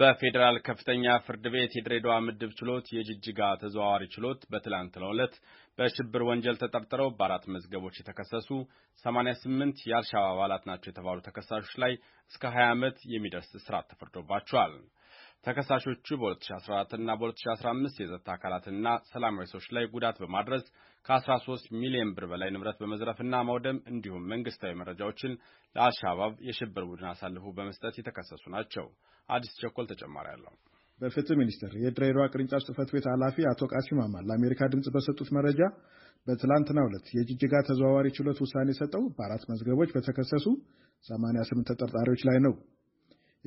በፌዴራል ከፍተኛ ፍርድ ቤት የድሬዳዋ ምድብ ችሎት የጅጅጋ ተዘዋዋሪ ችሎት በትላንትናው ዕለት በሽብር ወንጀል ተጠርጥረው በአራት መዝገቦች የተከሰሱ 88 የአልሻባብ አባላት ናቸው የተባሉ ተከሳሾች ላይ እስከ 20 ዓመት የሚደርስ እስራት ተፈርዶባቸዋል። ተከሳሾቹ በ2014 እና በ2015 የጸጥታ አካላትና ሰላማዊ ሰዎች ላይ ጉዳት በማድረስ ከ13 ሚሊዮን ብር በላይ ንብረት በመዝረፍና መውደም እንዲሁም መንግስታዊ መረጃዎችን ለአልሻባብ የሽብር ቡድን አሳልፉ በመስጠት የተከሰሱ ናቸው። አዲስ ቸኮል ተጨማሪ አለው። በፍትህ ሚኒስቴር የድሬዳዋ ቅርንጫፍ ጽህፈት ቤት ኃላፊ አቶ ቃሲም አማን ለአሜሪካ ድምፅ በሰጡት መረጃ በትላንትናው ዕለት የጅጅጋ ተዘዋዋሪ ችሎት ውሳኔ ሰጠው በአራት መዝገቦች በተከሰሱ 88 ተጠርጣሪዎች ላይ ነው።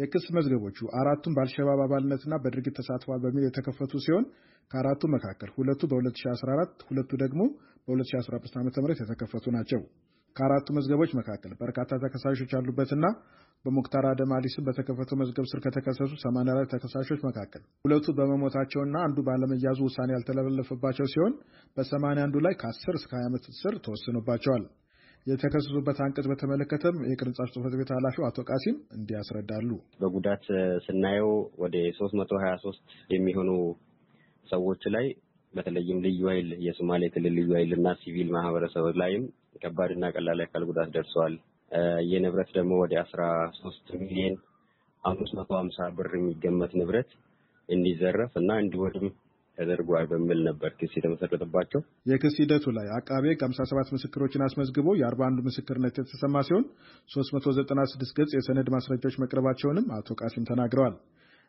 የክስ መዝገቦቹ አራቱም በአልሸባብ አባልነትና በድርጊት ተሳትፏል በሚል የተከፈቱ ሲሆን ከአራቱ መካከል ሁለቱ በ2014 ሁለቱ ደግሞ በ2015 ዓ ም የተከፈቱ ናቸው። ከአራቱ መዝገቦች መካከል በርካታ ተከሳሾች ያሉበትና በሙክታር አደም አሊ ስም በተከፈተው መዝገብ ስር ከተከሰሱ 84 ተከሳሾች መካከል ሁለቱ በመሞታቸውና አንዱ ባለመያዙ ውሳኔ ያልተላለፈባቸው ሲሆን በ81ዱ ላይ ከ10 እስከ 20 ዓመት እስር ተወስኖባቸዋል። የተከሰሱበት አንቀጽ በተመለከተም የቅርንጫፍ ጽህፈት ቤት ኃላፊው አቶ ቃሲም እንዲያስረዳሉ በጉዳት ስናየው ወደ ሶስት መቶ ሀያ ሶስት የሚሆኑ ሰዎች ላይ በተለይም ልዩ ኃይል የሶማሌ ክልል ልዩ ኃይል እና ሲቪል ማህበረሰብ ላይም ከባድና ቀላል አካል ጉዳት ደርሰዋል። የንብረት ደግሞ ወደ አስራ ሶስት ሚሊዮን አምስት መቶ ሀምሳ ብር የሚገመት ንብረት እንዲዘረፍ እና እንዲወድም ተደርጓል በሚል ነበር ክስ የተመሰረተባቸው። የክስ ሂደቱ ላይ አቃቤ ሕግ 57 ምስክሮችን አስመዝግቦ የ41 ምስክርነት የተሰማ ሲሆን 396 ገጽ የሰነድ ማስረጃዎች መቅረባቸውንም አቶ ቃሲም ተናግረዋል።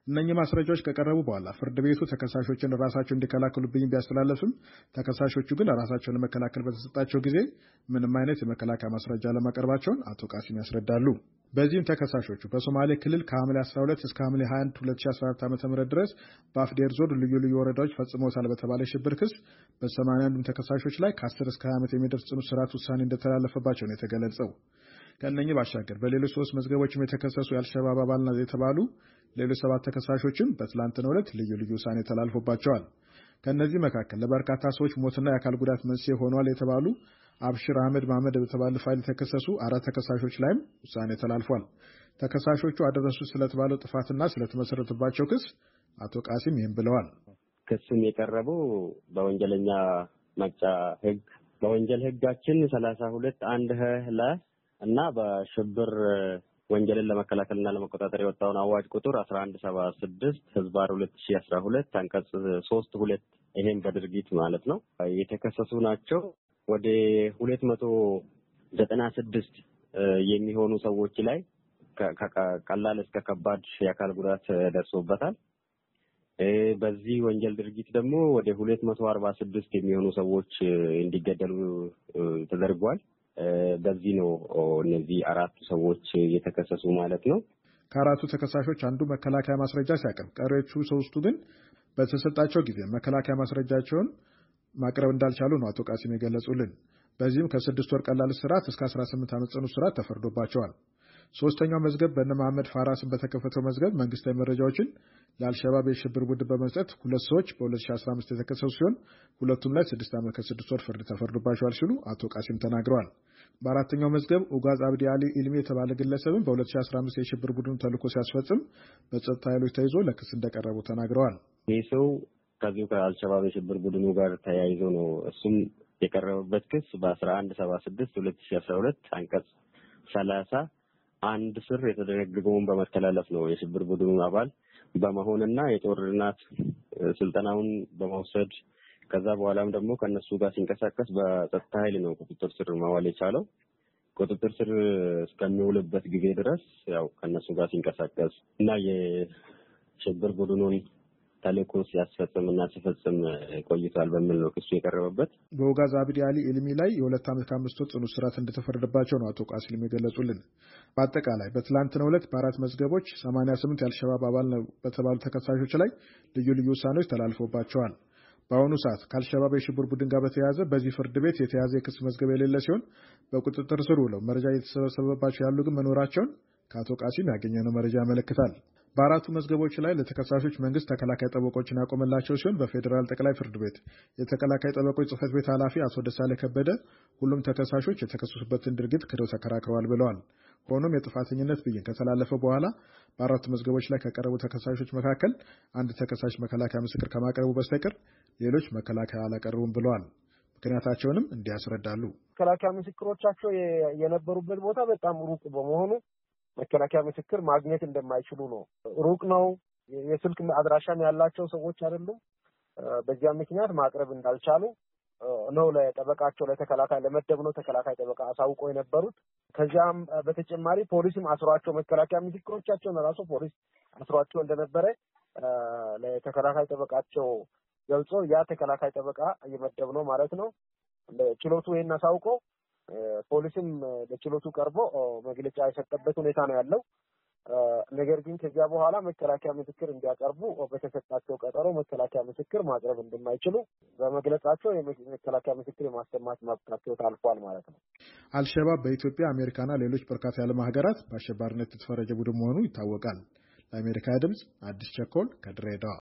እነኚህ ማስረጃዎች ከቀረቡ በኋላ ፍርድ ቤቱ ተከሳሾችን ራሳቸው እንዲከላከሉብኝ ቢያስተላለፍም ተከሳሾቹ ግን ራሳቸውን ለመከላከል በተሰጣቸው ጊዜ ምንም አይነት የመከላከያ ማስረጃ ለማቀርባቸውን አቶ ቃሲም ያስረዳሉ። በዚህም ተከሳሾቹ በሶማሌ ክልል ከሐምሌ 12 እስከ ሐምሌ 21 2014 ዓ.ም ድረስ በአፍዴር ዞን ልዩ ልዩ ወረዳዎች ፈጽመውታል በተባለ ሽብር ክስ በ81 ተከሳሾች ላይ ከ10 እስከ 20 ዓመት የሚደርስ ጽኑ እስራት ውሳኔ እንደተላለፈባቸው ነው የተገለጸው። ከነኚህ ባሻገር በሌሎች ሶስት መዝገቦችም የተከሰሱ የአልሸባብ አባልና የተባሉ ሌሎች ሰባት ተከሳሾችም በትላንትናው ዕለት ልዩ ልዩ ውሳኔ ተላልፎባቸዋል። ከእነዚህ መካከል ለበርካታ ሰዎች ሞትና የአካል ጉዳት መንስኤ ሆኗል የተባሉ አብሽር አህመድ ማህመድ በተባለ ፋይል የተከሰሱ አራት ተከሳሾች ላይም ውሳኔ ተላልፏል። ተከሳሾቹ አደረሱት ስለተባለው ጥፋትና ስለተመሰረተባቸው ክስ አቶ ቃሲም ይህም ብለዋል። ክሱም የቀረበው በወንጀለኛ መቅጫ ህግ በወንጀል ህጋችን ሰላሳ ሁለት አንድ ህ ላይ እና በሽብር ወንጀልን ለመከላከልና ለመቆጣጠር የወጣውን አዋጅ ቁጥር አስራ አንድ ሰባ ስድስት ህዝባር ሁለት ሺ አስራ ሁለት አንቀጽ ሶስት ሁለት ይሄም በድርጊት ማለት ነው የተከሰሱ ናቸው። ወደ ሁለት መቶ ዘጠና ስድስት የሚሆኑ ሰዎች ላይ ቀላል እስከ ከባድ የአካል ጉዳት ደርሶበታል። በዚህ ወንጀል ድርጊት ደግሞ ወደ ሁለት መቶ አርባ ስድስት የሚሆኑ ሰዎች እንዲገደሉ ተደርጓል። በዚህ ነው እነዚህ አራቱ ሰዎች የተከሰሱ ማለት ነው። ከአራቱ ተከሳሾች አንዱ መከላከያ ማስረጃ ሲያቀርብ፣ ቀሪዎቹ ሶስቱ ግን በተሰጣቸው ጊዜ መከላከያ ማስረጃቸውን ማቅረብ እንዳልቻሉ ነው አቶ ቃሲም የገለጹልን። በዚህም ከስድስት ወር ቀላል እስራት እስከ 18 ዓመት ጽኑ እስራት ተፈርዶባቸዋል። ሶስተኛው መዝገብ በነ መሐመድ ፋራስን በተከፈተው መዝገብ መንግስታዊ መረጃዎችን ለአልሸባብ የሽብር ቡድን በመስጠት ሁለት ሰዎች በ2015 የተከሰሱ ሲሆን ሁለቱም ላይ ስድስት ዓመት ከስድስት ወር ፍርድ ተፈርዶባቸዋል ሲሉ አቶ ቃሲም ተናግረዋል። በአራተኛው መዝገብ ኡጋዝ አብዲ አሊ ኢልሚ የተባለ ግለሰብን በ2015 የሽብር ቡድኑ ተልዕኮ ሲያስፈጽም በጸጥታ ኃይሎች ተይዞ ለክስ እንደቀረቡ ተናግረዋል። ይህ ሰው ከዚሁ ከአልሸባብ የሽብር ቡድኑ ጋር ተያይዞ ነው። እሱም የቀረበበት ክስ በአስራ አንድ ሰባ ስድስት ሁለት ሺ አስራ ሁለት አንቀጽ ሰላሳ አንድ ስር የተደነገገውን በመተላለፍ ነው የሽብር ቡድኑ አባል በመሆንና የጦርናት ስልጠናውን በመውሰድ ከዛ በኋላም ደግሞ ከእነሱ ጋር ሲንቀሳቀስ በጸጥታ ኃይል ነው ቁጥጥር ስር መዋል የቻለው። ቁጥጥር ስር እስከሚውልበት ጊዜ ድረስ ያው ከእነሱ ጋር ሲንቀሳቀስ እና የሽብር ቡድኑን ተልእኮ ሲያስፈጽምና ሲፈጽም ቆይቷል በሚል ነው ክሱ የቀረበበት። በኡጋዝ አብዲ አሊ ኢልሚ ላይ የሁለት ዓመት ከአምስት ወር ጽኑ እስራት እንደተፈረደባቸው ነው አቶ ቃሲልም የገለጹልን። በአጠቃላይ በትላንትናው ዕለት በአራት መዝገቦች 88 የአልሸባብ አባል ነው በተባሉ ተከሳሾች ላይ ልዩ ልዩ ውሳኔዎች ተላልፎባቸዋል። በአሁኑ ሰዓት ከአልሸባብ የሽብር ቡድን ጋር በተያያዘ በዚህ ፍርድ ቤት የተያዘ የክስ መዝገብ የሌለ ሲሆን በቁጥጥር ስር ውለው መረጃ እየተሰበሰበባቸው ያሉ ግን መኖራቸውን ከአቶ ቃሲም ያገኘነው መረጃ ያመለክታል። በአራቱ መዝገቦች ላይ ለተከሳሾች መንግስት ተከላካይ ጠበቆችን ያቆመላቸው ሲሆን በፌዴራል ጠቅላይ ፍርድ ቤት የተከላካይ ጠበቆች ጽህፈት ቤት ኃላፊ አቶ ደሳሌ ከበደ ሁሉም ተከሳሾች የተከሰሱበትን ድርጊት ክደው ተከራክረዋል ብለዋል። ሆኖም የጥፋተኝነት ብይን ከተላለፈ በኋላ በአራቱ መዝገቦች ላይ ከቀረቡ ተከሳሾች መካከል አንድ ተከሳሽ መከላከያ ምስክር ከማቅረቡ በስተቀር ሌሎች መከላከያ አላቀረቡም ብለዋል። ምክንያታቸውንም እንዲያስረዳሉ መከላከያ ምስክሮቻቸው የነበሩበት ቦታ በጣም ሩቅ በመሆኑ መከላከያ ምስክር ማግኘት እንደማይችሉ ነው። ሩቅ ነው፣ የስልክ አድራሻም ያላቸው ሰዎች አይደሉም። በዚያ ምክንያት ማቅረብ እንዳልቻሉ ነው ለጠበቃቸው ለተከላካይ ነው ተከላካይ ጠበቃ አሳውቆ የነበሩት። ከዚያም በተጨማሪ ፖሊስም አስሯቸው መከላከያ ምስክሮቻቸውን ራሱ ፖሊስ አስሯቸው እንደነበረ ለተከላካይ ጠበቃቸው ገልጾ ያ ተከላካይ ጠበቃ እየመደብ ነው ማለት ነው። ችሎቱ ይህን አሳውቆ ፖሊስም ለችሎቱ ቀርቦ መግለጫ የሰጠበት ሁኔታ ነው ያለው። ነገር ግን ከዚያ በኋላ መከላከያ ምስክር እንዲያቀርቡ በተሰጣቸው ቀጠሮ መከላከያ ምስክር ማቅረብ እንደማይችሉ በመግለጻቸው የመከላከያ ምስክር የማሰማት መብታቸው ታልፏል ማለት ነው። አልሸባብ በኢትዮጵያ አሜሪካና ሌሎች በርካታ የዓለም ሀገራት በአሸባሪነት የተፈረጀ ቡድን መሆኑ ይታወቃል። ለአሜሪካ ድምፅ አዲስ ቸኮል ከድሬዳዋ